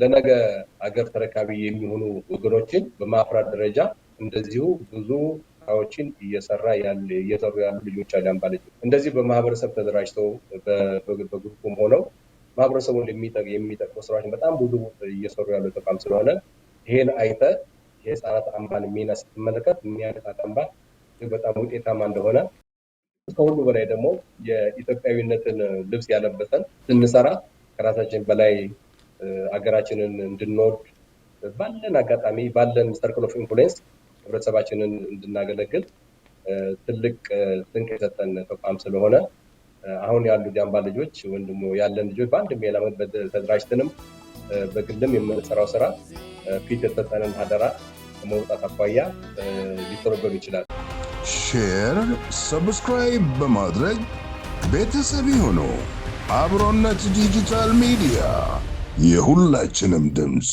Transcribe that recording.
ለነገ አገር ተረካቢ የሚሆኑ ወገኖችን በማፍራት ደረጃ እንደዚሁ ብዙ ስራዎችን እየሰራ እየሰሩ ያሉ ልጆች አሉ። አምባለች እንደዚህ በማህበረሰብ ተደራጅተው በግሩፕም ሆነው ማህበረሰቡን የሚጠቅሙ ስራዎችን በጣም ብዙ እየሰሩ ያሉ ተቋም ስለሆነ ይሄን አይተ የህፃናት አምባን ሚና ስትመለከት የሚያነጣት አምባ በጣም ውጤታማ እንደሆነ ከሁሉ በላይ ደግሞ የኢትዮጵያዊነትን ልብስ ያለበሰን ስንሰራ ከራሳችን በላይ አገራችንን እንድንወድ ባለን አጋጣሚ ባለን ሰርክል ኦፍ ኢንፍሉዌንስ ህብረተሰባችንን እንድናገለግል ትልቅ ስንቅ የሰጠን ተቋም ስለሆነ አሁን ያሉ ጃምባ ልጆች ወይም ደግሞ ያለን ልጆች በአንድ ሌላ ተደራጅትንም በግልም የምንሰራው ስራ ፊት የተሰጠንን አደራ መውጣት አኳያ ሊተረጎም ይችላል። ሼር፣ ሰብስክራይብ በማድረግ ቤተሰብ ሆኖ አብሮነት ዲጂታል ሚዲያ የሁላችንም ድምፅ